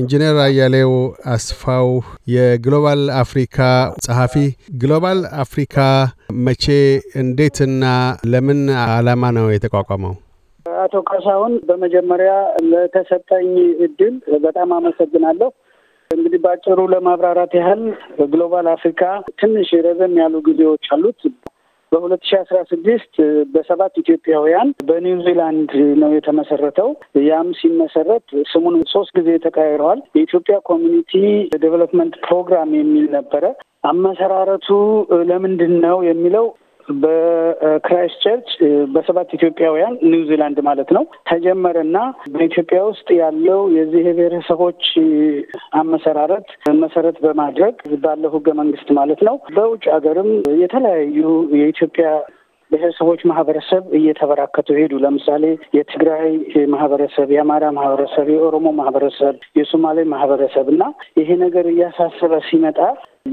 ኢንጂነር አያሌው አስፋው የግሎባል አፍሪካ ጸሐፊ፣ ግሎባል አፍሪካ መቼ እንዴትና ለምን ዓላማ ነው የተቋቋመው? አቶ ካሳሁን በመጀመሪያ ለተሰጠኝ እድል በጣም አመሰግናለሁ። እንግዲህ በአጭሩ ለማብራራት ያህል ግሎባል አፍሪካ ትንሽ ረዘም ያሉ ጊዜዎች አሉት። በሁለት ሺ አስራ ስድስት በሰባት ኢትዮጵያውያን በኒውዚላንድ ነው የተመሰረተው። ያም ሲመሰረት ስሙን ሶስት ጊዜ ተቀያይረዋል። የኢትዮጵያ ኮሚኒቲ ዴቨሎፕመንት ፕሮግራም የሚል ነበረ። አመሰራረቱ ለምንድን ነው የሚለው በክራይስት ቸርች በሰባት ኢትዮጵያውያን ኒውዚላንድ ማለት ነው ተጀመረና በኢትዮጵያ ውስጥ ያለው የዚህ ብሔረሰቦች አመሰራረት መሰረት በማድረግ ባለው ህገ መንግስት ማለት ነው በውጭ ሀገርም የተለያዩ የኢትዮጵያ ብሔረሰቦች ማህበረሰብ እየተበራከቱ ሄዱ። ለምሳሌ የትግራይ ማህበረሰብ፣ የአማራ ማህበረሰብ፣ የኦሮሞ ማህበረሰብ፣ የሶማሌ ማህበረሰብ እና ይሄ ነገር እያሳሰበ ሲመጣ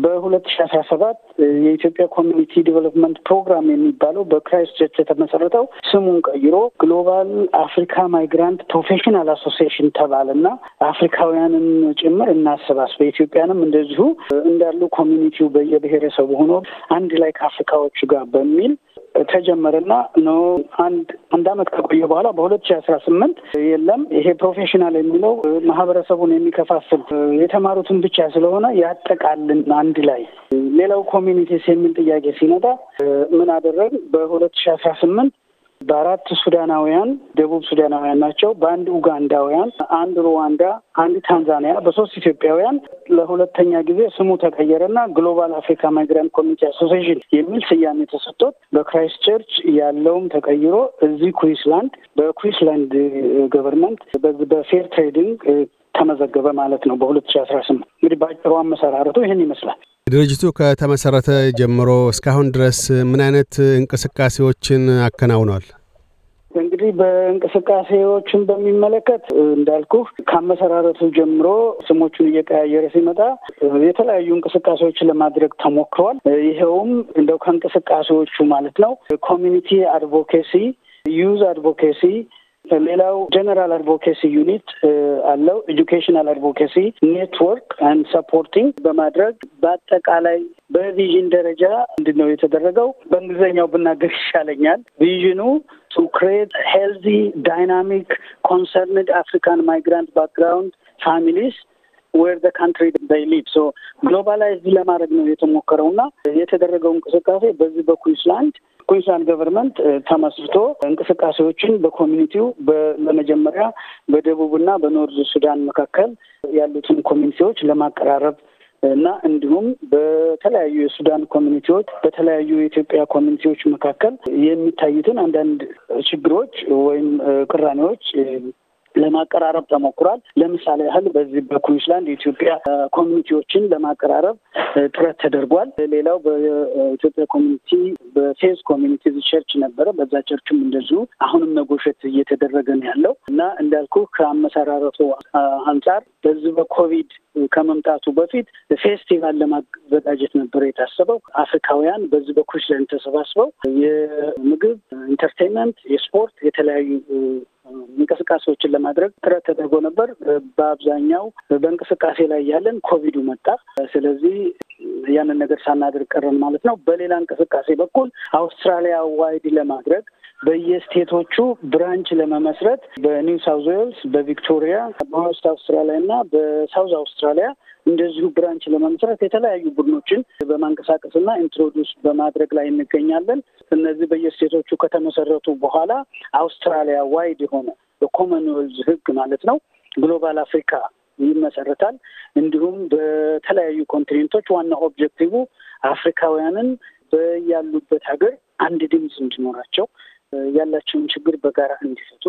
በሁለት ሺ አስራ ሰባት የኢትዮጵያ ኮሚኒቲ ዲቨሎፕመንት ፕሮግራም የሚባለው በክራይስት ቸርች የተመሰረተው ስሙን ቀይሮ ግሎባል አፍሪካ ማይግራንት ፕሮፌሽናል አሶሲሽን ተባለ እና አፍሪካውያንን ጭምር እናስባስ በኢትዮጵያንም እንደዚሁ እንዳሉ ኮሚኒቲው በየብሔረሰቡ ሆኖ አንድ ላይ ከአፍሪካዎቹ ጋር በሚል ተጀመረና ነው አንድ አንድ አመት ከቆየ በኋላ በሁለት ሺ አስራ ስምንት የለም ይሄ ፕሮፌሽናል የሚለው ማህበረሰቡን የሚከፋፍል የተማሩትን ብቻ ስለሆነ ያጠቃልን አንድ ላይ ሌላው ኮሚኒቲስ የሚል ጥያቄ ሲመጣ ምን አደረግ በሁለት ሺ አስራ ስምንት በአራት ሱዳናውያን ደቡብ ሱዳናውያን ናቸው፣ በአንድ ኡጋንዳውያን፣ አንድ ሩዋንዳ፣ አንድ ታንዛኒያ፣ በሶስት ኢትዮጵያውያን ለሁለተኛ ጊዜ ስሙ ተቀየረና ግሎባል አፍሪካ ማይግራንት ኮሚኒቲ አሶሴሽን የሚል ስያሜ ተሰጥቶት በክራይስት ቸርች ያለውም ተቀይሮ እዚህ ኩዊንስላንድ በኩዊንስላንድ ገቨርንመንት በፌር ትሬዲንግ ተመዘገበ ማለት ነው። በሁለት ሺ አስራ ስምንት እንግዲህ በአጭሩ አመሰራረቱ ይህን ይመስላል። ድርጅቱ ከተመሰረተ ጀምሮ እስካሁን ድረስ ምን አይነት እንቅስቃሴዎችን አከናውኗል? እንግዲህ በእንቅስቃሴዎችን በሚመለከት እንዳልኩ ከአመሰራረቱ ጀምሮ ስሞቹን እየቀያየረ ሲመጣ የተለያዩ እንቅስቃሴዎችን ለማድረግ ተሞክሯል። ይኸውም እንደው ከእንቅስቃሴዎቹ ማለት ነው ኮሚኒቲ አድቮኬሲ፣ ዩዝ አድቮኬሲ ሌላው ጀነራል አድቮኬሲ ዩኒት አለው። ኤጁኬሽናል አድቮኬሲ ኔትወርክ አንድ ሰፖርቲንግ በማድረግ በአጠቃላይ በቪዥን ደረጃ ምንድን ነው የተደረገው? በእንግሊዝኛው ብናገር ይሻለኛል። ቪዥኑ ቱ ክሬት ሄልዚ ዳይናሚክ ኮንሰርንድ አፍሪካን ማይግራንት ባክግራውንድ ፋሚሊስ ዌር ዘ ካንትሪ ዘይ ሊቭ ሶ ግሎባላይዝ ለማድረግ ነው የተሞከረው እና የተደረገው እንቅስቃሴ በዚህ በኩዊንስላንድ ኩዊንስላንድ ገቨርንመንት uh, ተመስርቶ እንቅስቃሴዎችን በኮሚኒቲው በመጀመሪያ በደቡብና በኖርዝ ሱዳን መካከል ያሉትን ኮሚኒቲዎች ለማቀራረብ እና እንዲሁም በተለያዩ የሱዳን ኮሚኒቲዎች በተለያዩ የኢትዮጵያ ኮሚኒቲዎች መካከል የሚታዩትን አንዳንድ ችግሮች ወይም uh, ቅራኔዎች ለማቀራረብ ተሞክሯል። ለምሳሌ ያህል በዚህ በኩዊንስላንድ የኢትዮጵያ ኮሚኒቲዎችን ለማቀራረብ ጥረት ተደርጓል። ሌላው በኢትዮጵያ ኮሚኒቲ በፌዝ ኮሚኒቲ ቸርች ነበረ። በዛ ቸርችም እንደዚሁ አሁንም መጎሸት እየተደረገ ነው ያለው እና እንዳልኩ ከአመሰራረቱ አንጻር በዚህ በኮቪድ ከመምጣቱ በፊት ፌስቲቫል ለማዘጋጀት ነበረ የታሰበው። አፍሪካውያን በዚህ በኩዊንስላንድ ተሰባስበው የምግብ ኢንተርቴንመንት፣ የስፖርት የተለያዩ እንቅስቃሴዎችን ለማድረግ ጥረት ተደርጎ ነበር። በአብዛኛው በእንቅስቃሴ ላይ ያለን ኮቪዱ መጣ። ስለዚህ ያንን ነገር ሳናደርግ ቀረን ማለት ነው። በሌላ እንቅስቃሴ በኩል አውስትራሊያ ዋይድ ለማድረግ በየስቴቶቹ ብራንች ለመመስረት በኒው ሳውዝ ዌልስ፣ በቪክቶሪያ፣ በዌስት አውስትራሊያ እና በሳውዝ አውስትራሊያ እንደዚሁ ብራንች ለመመስረት የተለያዩ ቡድኖችን በማንቀሳቀስ እና ኢንትሮዱስ በማድረግ ላይ እንገኛለን። እነዚህ በየስቴቶቹ ከተመሰረቱ በኋላ አውስትራሊያ ዋይድ የሆነ በኮመንዌልዝ ህግ ማለት ነው ግሎባል አፍሪካ ይመሰረታል። እንዲሁም በተለያዩ ኮንቲኔንቶች ዋና ኦብጀክቲቭ አፍሪካውያንን በያሉበት ሀገር አንድ ድምፅ እንዲኖራቸው ያላቸውን ችግር በጋራ እንዲፈቱ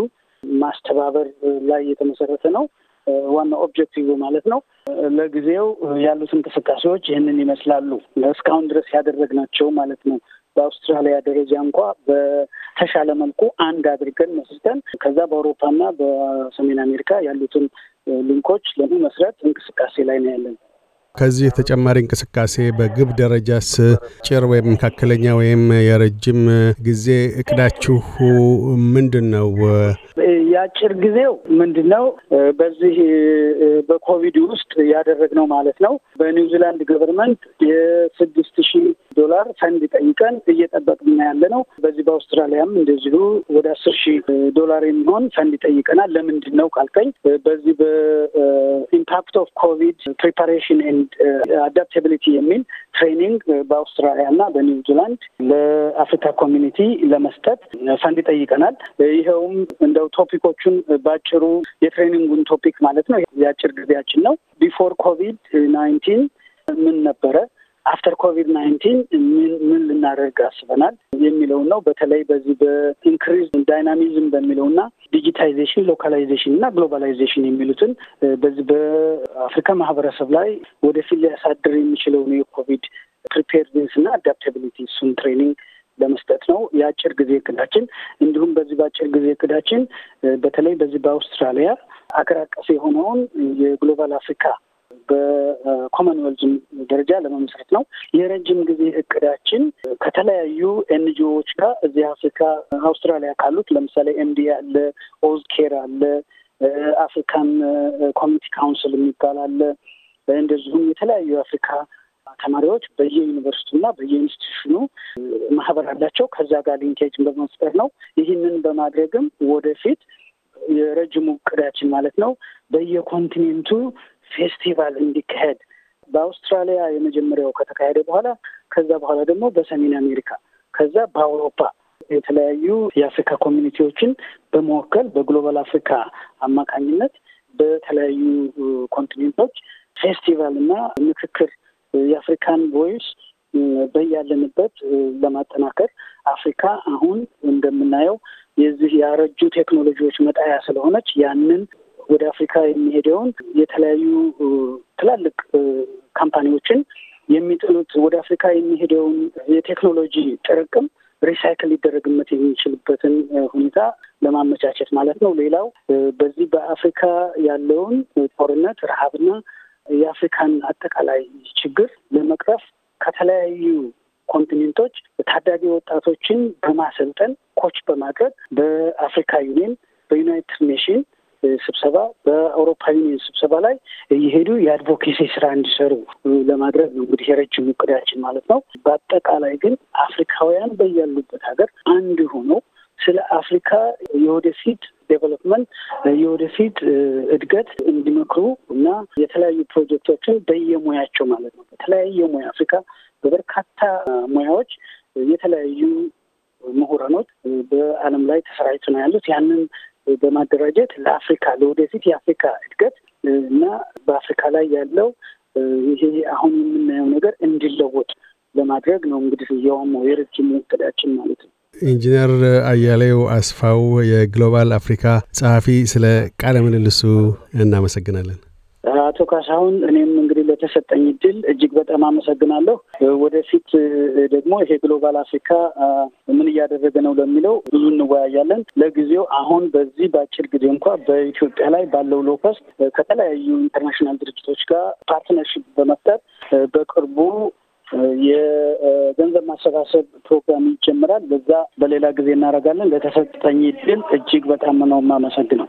ማስተባበር ላይ የተመሰረተ ነው። ዋናው ኦብጀክቲቭ ማለት ነው። ለጊዜው ያሉት እንቅስቃሴዎች ይህንን ይመስላሉ። እስካሁን ድረስ ያደረግናቸው ማለት ነው። በአውስትራሊያ ደረጃ እንኳ በተሻለ መልኩ አንድ አድርገን መስርተን ከዛ በአውሮፓና በሰሜን አሜሪካ ያሉትን ሊንኮች ለመመስረት እንቅስቃሴ ላይ ነው ያለን። ከዚህ ተጨማሪ እንቅስቃሴ በግብ ደረጃስ ጭር ወይም መካከለኛ ወይም የረጅም ጊዜ እቅዳችሁ ምንድን ነው? የአጭር ጊዜው ምንድን ነው? በዚህ በኮቪድ ውስጥ ያደረግነው ማለት ነው። በኒውዚላንድ ገቨርንመንት የስድስት ሺህ ዶላር ፈንድ ጠይቀን እየጠበቅና ያለ ነው። በዚህ በአውስትራሊያም እንደዚሁ ወደ አስር ሺህ ዶላር የሚሆን ፈንድ ይጠይቀናል። ለምንድን ነው ካልከኝ በዚህ በኢምፓክት ኦፍ ኮቪድ ፕሪፓሬሽን ኤንድ የሚል ትሬኒንግ በአውስትራሊያ እና በኒውዚላንድ ለአፍሪካ ኮሚኒቲ ለመስጠት ፈንድ ይጠይቀናል። ይኸውም እንደው ቶፒኮቹን በአጭሩ የትሬኒንጉን ቶፒክ ማለት ነው የአጭር ጊዜያችን ነው። ቢፎር ኮቪድ ናይንቲን ምን ነበረ? አፍተር ኮቪድ ናይንቲን ምን ምን ልናደርግ አስበናል የሚለውን ነው። በተለይ በዚህ በኢንክሪዝ ዳይናሚዝም በሚለው እና ዲጂታይዜሽን፣ ሎካላይዜሽን እና ግሎባላይዜሽን የሚሉትን በዚህ በአፍሪካ ማህበረሰብ ላይ ወደፊት ሊያሳድር የሚችለውን የኮቪድ ፕሪፔርድነስ እና አዳፕታቢሊቲ እሱን ትሬኒንግ ለመስጠት ነው የአጭር ጊዜ እቅዳችን። እንዲሁም በዚህ በአጭር ጊዜ እቅዳችን በተለይ በዚህ በአውስትራሊያ አገር አቀፍ የሆነውን የግሎባል አፍሪካ በኮመንዌልዝም ደረጃ ለመመስረት ነው። የረጅም ጊዜ እቅዳችን ከተለያዩ ኤንጂኦዎች ጋር እዚህ አፍሪካ አውስትራሊያ ካሉት ለምሳሌ ኤምዲ አለ፣ ኦዝኬር አለ፣ አፍሪካን ኮሚኒቲ ካውንስል የሚባል አለ። እንደዚሁም የተለያዩ የአፍሪካ ተማሪዎች በየዩኒቨርሲቲና በየኢንስቲቱሽኑ ማህበር አላቸው። ከዛ ጋር ሊንኬጅን በመፍጠር ነው። ይህንን በማድረግም ወደፊት የረጅሙ እቅዳችን ማለት ነው በየኮንቲኔንቱ ፌስቲቫል እንዲካሄድ በአውስትራሊያ የመጀመሪያው ከተካሄደ በኋላ ከዛ በኋላ ደግሞ በሰሜን አሜሪካ ከዛ በአውሮፓ የተለያዩ የአፍሪካ ኮሚኒቲዎችን በመወከል በግሎባል አፍሪካ አማካኝነት በተለያዩ ኮንቲኔንቶች ፌስቲቫል እና ምክክር የአፍሪካን ቮይስ በያለንበት ለማጠናከር አፍሪካ አሁን እንደምናየው የዚህ ያረጁ ቴክኖሎጂዎች መጣያ ስለሆነች ያንን ወደ አፍሪካ የሚሄደውን የተለያዩ ትላልቅ ካምፓኒዎችን የሚጥሉት ወደ አፍሪካ የሚሄደውን የቴክኖሎጂ ጥርቅም ሪሳይክል ሊደረግበት የሚችልበትን ሁኔታ ለማመቻቸት ማለት ነው። ሌላው በዚህ በአፍሪካ ያለውን ጦርነት፣ ረሃብና የአፍሪካን አጠቃላይ ችግር ለመቅረፍ ከተለያዩ ኮንቲኔንቶች ታዳጊ ወጣቶችን በማሰልጠን ኮች በማድረግ በአፍሪካ ዩኒየን በዩናይትድ ኔሽን ስብሰባ በአውሮፓ ዩኒየን ስብሰባ ላይ እየሄዱ የአድቮኬሲ ስራ እንዲሰሩ ለማድረግ ነው እንግዲህ የረጅም እቅዳችን ማለት ነው። በአጠቃላይ ግን አፍሪካውያን በያሉበት ሀገር አንድ ሆነው ስለ አፍሪካ የወደፊት ዴቨሎፕመንት የወደፊት እድገት እንዲመክሩ እና የተለያዩ ፕሮጀክቶችን በየሙያቸው ማለት ነው በተለያየ ሙያ አፍሪካ በበርካታ ሙያዎች የተለያዩ ምሁራኖች በዓለም ላይ ተሰራጭተው ነው ያሉት። ያንን በማደራጀት ለአፍሪካ ለወደፊት የአፍሪካ እድገት እና በአፍሪካ ላይ ያለው ይሄ አሁን የምናየው ነገር እንዲለወጥ ለማድረግ ነው እንግዲህ የዋማው የረጅሙ እቅዳችን ማለት ነው። ኢንጂነር አያሌው አስፋው የግሎባል አፍሪካ ጸሐፊ፣ ስለ ቃለ ምልልሱ እናመሰግናለን። አቶ ካሳሁን እኔም እንግዲህ ለተሰጠኝ እድል እጅግ በጣም አመሰግናለሁ። ወደፊት ደግሞ ይሄ ግሎባል አፍሪካ ምን እያደረገ ነው ለሚለው ብዙ እንወያያለን። ለጊዜው አሁን በዚህ በአጭር ጊዜ እንኳ በኢትዮጵያ ላይ ባለው ሎከስ ከተለያዩ ኢንተርናሽናል ድርጅቶች ጋር ፓርትነርሽፕ በመፍጠር በቅርቡ የገንዘብ ማሰባሰብ ፕሮግራም ይጀምራል። በዛ በሌላ ጊዜ እናደርጋለን። ለተሰጠኝ እድል እጅግ በጣም ነው የማመሰግነው።